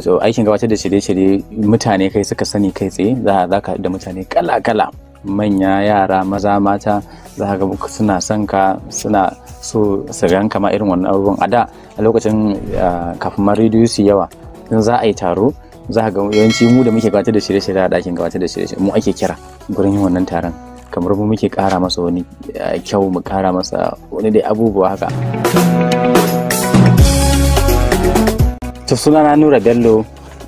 so aikin gabatar da shirye-shirye mutane kai suka sani kai tsaye za a zaka da mutane kala-kala manya yara maza mata za ga suna son ka suna so su ganka ma irin wannan abubuwan a da a lokacin kafin ma rediyo su yawa in za a yi taro za ga yawanci mu da muke gabatar da shirye-shirye a ɗakin gabatar da shirye-shirye mu ake kira gurin yin wannan taron kamar mu muke kara masa wani kyau mu kara masa wani dai abubuwa haka. to na nura bello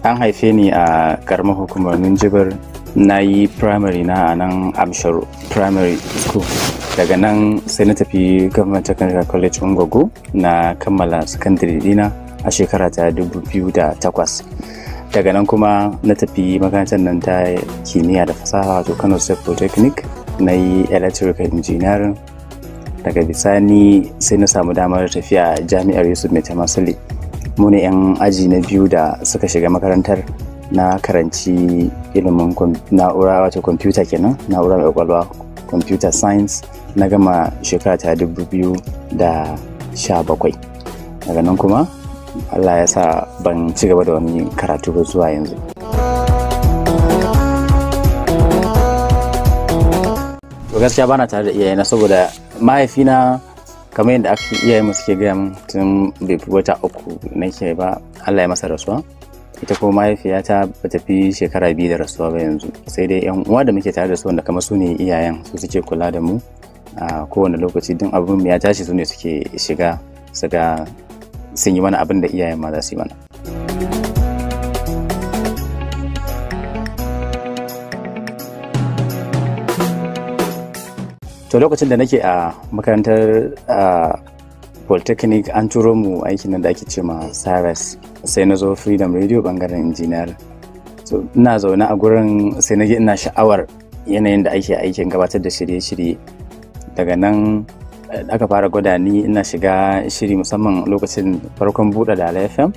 an haife ni a karamar hukumar minjibir na yi primary na a nan amshar primary school daga nan sai na tafi government technical college ungogo na kammala secondary dina a shekara ta 2008 daga nan kuma na tafi makarantar nan ta kimiyya da fasaha wato kano state polytechnic na yi electrical engineering daga bisani sai na samu damar tafiya jami'ar yusuf mai tamasili mu 'yan aji na biyu da suka shiga makarantar na karanci ilimin na'ura wato kwamfuta kenan na'ura mai kwakwalwa computer science na gama shekara ta dubu biyu da sha bakwai daga nan kuma allah ya sa ban ci gaba da wani karatu ba zuwa yanzu gaskiya bana tare da iyayena saboda mahaifina kamar yadda aka iyaye mu suke gaya min tun bai fi wata uku nake ba Allah ya masa rasuwa ita kuma mahaifiyata ba ta fi shekara biyu da rasuwa ba yanzu sai dai yan uwa da muke tare da su wanda kamar su ne iyayen su suke kula da mu a kowane lokaci don abin ya tashi su ne suke shiga su ga sun yi mana abin da iyayen ma za su yi mana to lokacin da nake a makarantar polytechnic an turo mu aikin nan da ake ce ma cyrus sai na zo freedom radio bangaren engineer so ina zaune a gurin sai na ina sha'awar yanayin da ake aikin gabatar da shirye-shirye daga nan eh, aka fara gwada ni ina shiga shiri musamman lokacin farkon buɗe da fm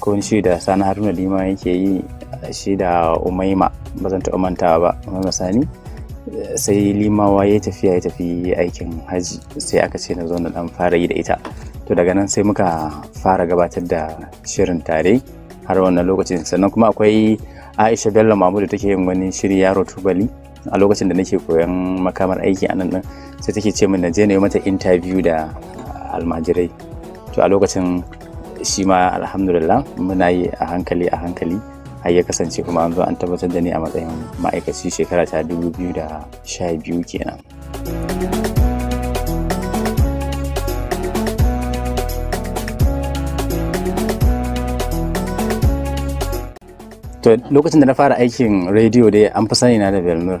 ko shi da sani haruna lima yake yi shi da umaima ba zan taɓa mantawa ba umaima sani sai limawa ya tafiya ya tafi aikin hajji sai aka ce na zo na dan fara yi da ita to daga nan sai muka fara gabatar da shirin tare har wannan lokacin sannan kuma akwai aisha bello mamu da take yin wani shiri yaro tubali a lokacin da nake koyon makamar aiki a nan sai take ce min na je na yi mata interview da almajirai to a lokacin shi ma alhamdulillah muna yi a hankali a hankali har ya kasance kuma an zo an tabbatar da ni a matsayin ma'aikaci shekara ta biyu da biyu kenan. to lokacin da na fara aikin rediyo dai an fi sani na da belnur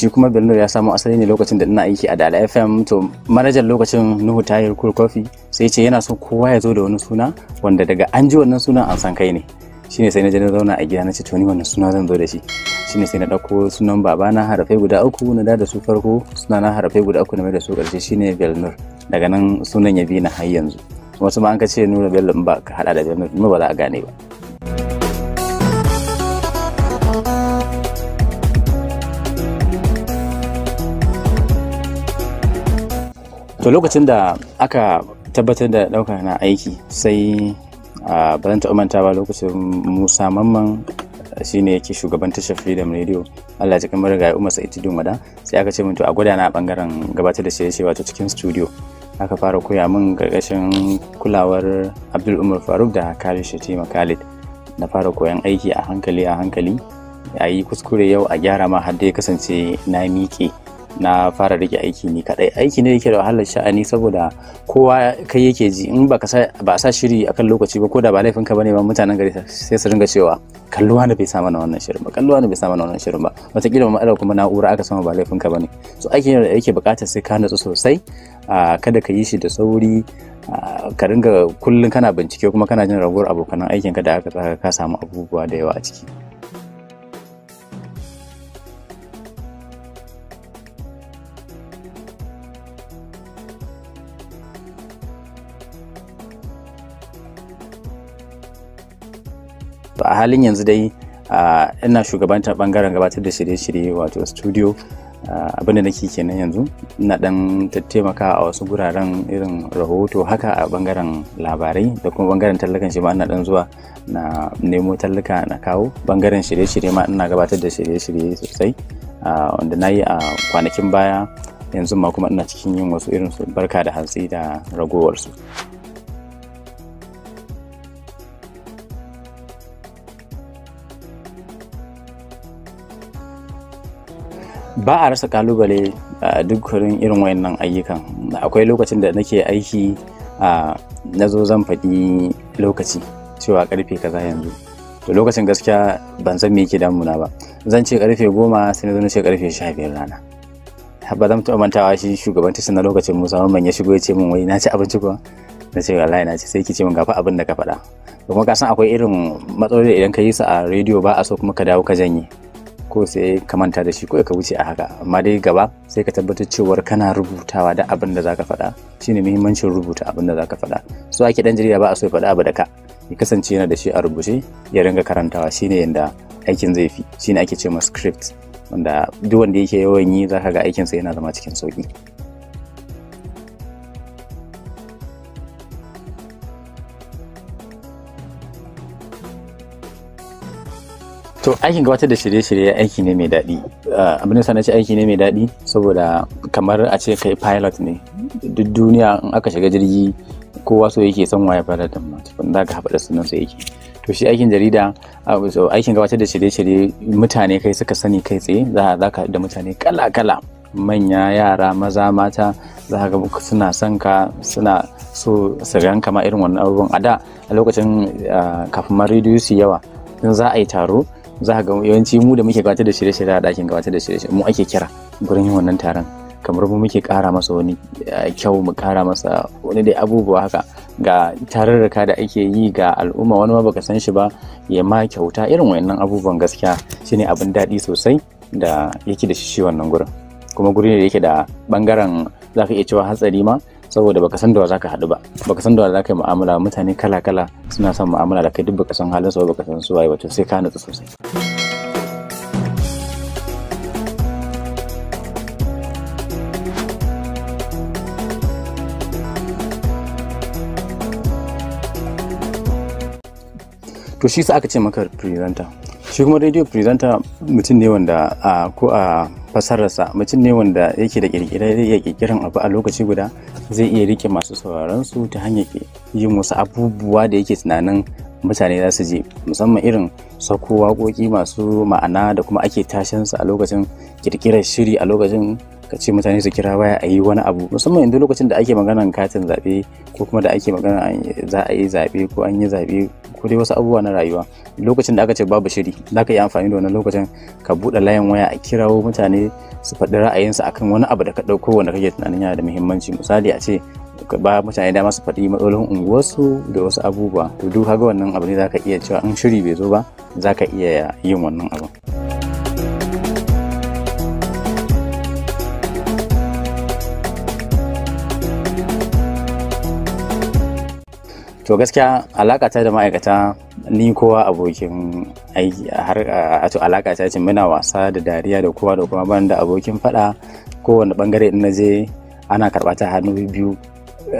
shi kuma belnur ya samu asali ne lokacin da ina aiki a dala fm to manajan lokacin nuhu tahir kurkofi sai ce yana so kowa ya zo da wani suna wanda daga an ji wannan sunan an san kai ne shine sai na je na zauna a gida na ce tuni wannan suna zan zo da shi shine sai na ɗauko sunan babana harfe guda uku na da da su farko suna na harfe guda uku na mai da su ƙarshe shine Belnur daga nan sunan ya bi na har yanzu wasu ma an ka ce nuna Bello ba ka hada da Belnur ba za a gane ba to lokacin da aka tabbatar da ɗaukar na aiki sai a zan taɓa manta ba lokacin musa mamman eh, shine yake shugaban tashar freedom radio allah mara gaya umar ita itidun wada sai aka ce min a gwada na a bangaren gabatar da shirye wato cikin studio aka fara koya min gargashin kulawar abdul umar faruk da khalid shatima khalid na fara koyan aiki a hankali a hankali a yi kuskure yau a gyara ma har ya kasance na miƙe na fara rike aiki ni kadai aiki ne yake da wahalar sha'ani saboda kowa kai yake ji in baka sa ba sa shiri akan lokaci ba ko da ba laifin ka bane ba mutanen gari sai su ringa cewa kalluwa ne bai sa mana wannan shirin ba kalluwa ne bai sa mana wannan shirin ba wataƙila ma kuma na'ura aka sama ba laifin ka bane so aiki ne da yake buƙatar sai ka natsu sosai kada ka yi shi da sauri ka ringa kullum kana bincike kuma kana jin ragowar abokan ka da aka ka samu abubuwa da yawa a ciki a halin yanzu dai ina shugabantar bangaren gabatar da shirye-shirye wato studio abin da nake kenan yanzu ina dan taimaka a wasu guraren irin rahoto haka a bangaren labarai da kuma bangaren tallakan shi ma ina dan zuwa na nemo tallaka na kawo bangaren shirye-shirye ma ina gabatar da shirye-shirye sosai wanda na yi a kwanakin baya yanzu ma kuma ina cikin yin wasu irin su barka da hantsi da ragowarsu. ba a rasa kalubale a dukkanin irin wayannan ayyukan akwai lokacin da nake aiki a na zo zan faɗi lokaci cewa karfe kaza yanzu to lokacin gaskiya ban san me yake damuna ba zan ce karfe goma sai na zo na ce karfe sha biyar rana ba zan taɓa mantawa shi shugaban tashin na lokacin musa mamman ya shigo ya ce min wai na ci abinci kuwa na ce wallahi na ce sai ki ce min gafa abin da ka faɗa kuma ka san akwai irin matsaloli idan ka yi su a rediyo ba a so kuma ka dawo ka janye ko sai ka manta da shi ko ka wuce a haka amma dai gaba sai ka tabbatar cewa kana rubutawa da abin da zaka faɗa shine muhimmancin rubuta abin da zaka faɗa so ake dan jarida ba a so ya faɗa abu da ka ya kasance yana da shi a rubuce ya ringa karantawa shine yanda aikin zai fi shine ake cewa script wanda duk wanda yake yawan yi zaka ga aikinsa yana zama cikin sauki to aikin gabatar da shirye-shirye aiki ne mai daɗi ah, abin da sana ce aiki ne mai daɗi saboda kamar a ce kai pilot ne duk duniya in aka shiga jirgi kowa so yake son waya pilot din ma za ka haɓa da sunan sai yake to shi aikin jarida ah, aikin gabatar da shirye-shirye mutane kai suka sani kai tsaye za ka da mutane kala-kala manya yara maza mata za ka suna son ka suna so su ganka ma irin wannan abubuwan a da a lokacin ah, kafin ma rediyo su yawa in za a yi taro za ga yawanci mu da muke gabatar da shirye-shirye a ɗakin gabatar da shirye-shirye mu ake kira gurin yin wannan taron kamar mu muke kara masa wani eh, kyau mu ƙara masa wani dai abubuwa haka ga tararraka da ake yi ga al'umma wani ma baka san shi ba ya ma kyauta irin wayannan abubuwan gaskiya shine abin daɗi sosai da yake da shi wannan gurin kuma guri ne da yake da bangaren za ka iya cewa hatsari ma saboda baka san da za ka haɗu ba baka san da za ka yi mu'amala mutane kala kala suna son mu'amala da kai duk baka san halin su baka san su waye wato sai ka nutsu sosai to shi sa aka ce maka presenter shi kuma radio presenter mutum ne wanda ko a fasararsa mutum ne wanda yake da kirkirar abu a lokaci guda zai iya rike masu sauraron su ta hanyar yin wasu abubuwa da yake tunanin mutane za su je musamman irin sako waƙoƙi masu ma'ana da kuma ake su a lokacin kirkirar shiri a lokacin ka ce mutane su kira waya a yi wani abu musamman yanzu lokacin da ake maganan katin zaɓe ko kuma da ake maganan za a yi zaɓe ko an yi zaɓe ko dai wasu abubuwa na rayuwa lokacin da aka ce babu shiri za ka yi amfani da wannan lokacin ka buɗe layin waya a kirawo mutane su faɗi ra'ayinsu akan wani abu da ka ɗauko wanda kake tunanin yana da muhimmanci misali a ce ba mutane dama su faɗi matsalolin unguwarsu da wasu abubuwa to duk kaga wannan abu ne za ka iya cewa in shiri bai zo ba za ka iya yin wannan abu. to gaskiya alakata da ma'aikata ni kowa abokin aiki har a ah, to alakata ce muna wasa da dariya da kowa da kuma ban da abokin fada kowane bangare in na je ana karɓa ta hannu biyu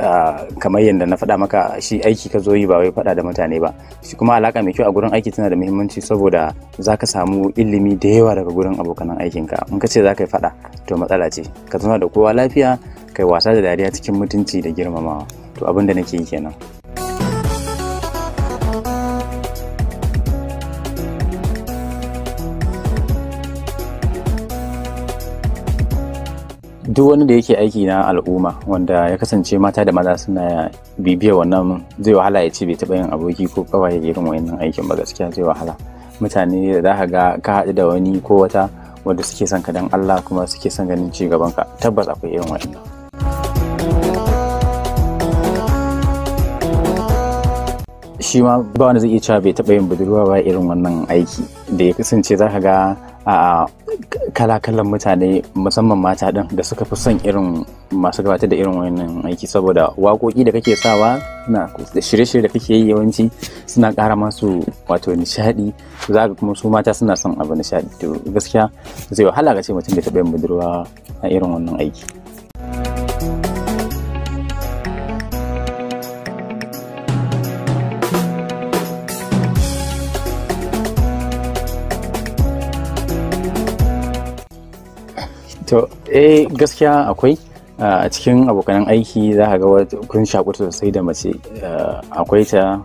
ah, kamar yadda na faɗa maka shi aiki ka zo yi ba wai faɗa da mutane ba shi kuma alaka mai kyau a gurin aiki tana da muhimmanci saboda za ka samu ilimi da yawa daga gurin abokan aikinka in ka ce za ka yi faɗa to matsala ce ka zama da kowa lafiya kai wasa da dariya cikin mutunci da girmamawa to abin da nake yi kenan duk wani da yake aiki na al'umma wanda ya kasance mata da maza suna bibiyar wannan zai wahala ya ce bai taɓa yin aboki ko kawai ya irin wannan aikin ba gaskiya zai wahala mutane da za ka ga ka haɗu da wani ko wata wanda suke son ka dan Allah kuma suke son ganin ci gaban ka tabbas akwai irin wayannan shi ma ba wanda zai iya cewa bai taɓa yin budurwa ba irin wannan aiki da ya kasance za ka ga a kalakalan mutane musamman mata ɗin da suka fi son irin masu gabatar da irin wannan aiki saboda waƙoƙi da kake sawa na shirye-shirye da kake yi yawanci suna ƙara masu wato nishaɗi za ga kuma su mata suna son abu nishaɗi to gaskiya zai wahala ga ce mutum da taɓa yin budurwa a irin wannan aiki to eh gaskiya akwai a cikin abokanan aiki za ka ga kun shaku sosai da mace akwai ta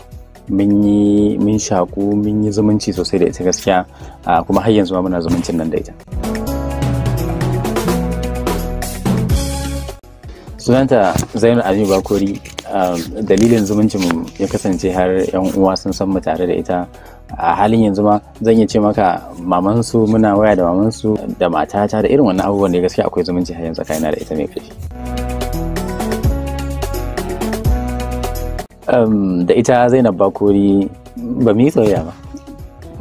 mun yi mun yi zumunci sosai da ita gaskiya kuma har yanzu muna zumuncin nan da ita sunanta zainul aliyu bakori dalilin zumuncin ya kasance har yan uwa sun san mu tare da ita a halin yanzu ma zan iya ce maka maman su muna waya da maman su da matata da irin wannan abubuwan da gaskiya akwai zumunci har yanzu da ita mai kashi da ita zainab bakori ba mu yi tsoyayya ba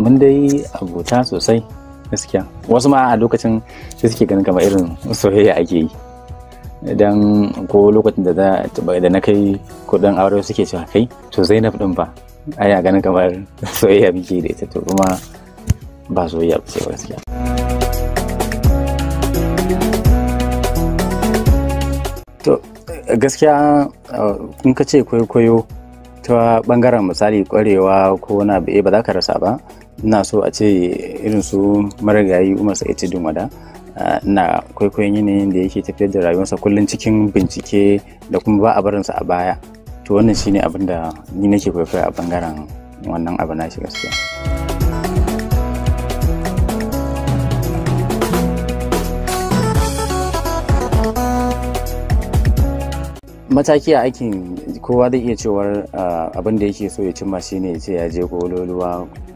mun dai abota sosai gaskiya wasu ma a lokacin da suke ganin kamar irin soyayya ake yi dan ko lokacin da na kai kudin aure suke cewa kai to zainab din ba ana ganin kamar soyayya muke da ita to kuma ba soyayya ba sai gaskiya to gaskiya in uh, ka ce kwaikwayo ta bangaren misali kwarewa ko na abu eh, ba za ka rasa ba ina so a ce irin su marigayi umar sa'id tudun wada uh, na kwaikwayon yanayin da yake tafiyar da rayuwarsa kullum cikin bincike da kuma ba a barinsa a baya to wannan shine abin da ni nake kwaikwaya a bangaren wannan abu na shi gaskiya mataki a aikin kowa zai iya cewar ah, abin da yake so ya cimma shine ya ce ya je ko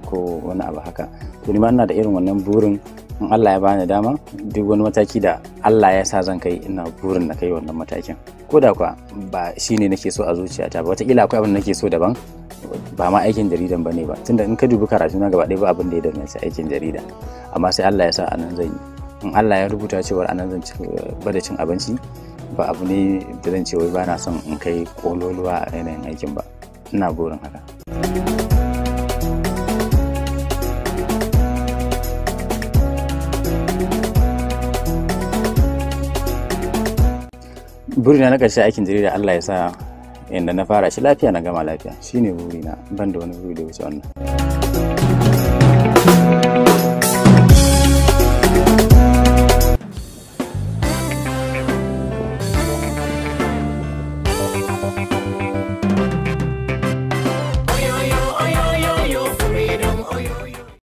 ko wani abu haka to ni ma ina da irin wannan burin in Allah ya bani dama duk wani mataki da Allah ya sa zan kai ina burin na kai wannan matakin ko da kuwa ba shine nake so a zuciyata ba wataƙila akwai abin da nake so daban ba ma aikin jaridan ba ne ba tunda in ka dubi karatu na gaba ɗaya ba abin da ya danganci aikin jarida amma sai Allah ya sa anan zan yi in Allah ya rubuta cewar anan zan ci da cin abinci ba abu ne da zan ce wai ba na son in kai kololuwa a yanayin aikin ba ina burin haka burina na ƙarshe aikin jarida Allah ya sa inda na fara shi lafiya na gama lafiya shine burina ban da wani buri da wuce wannan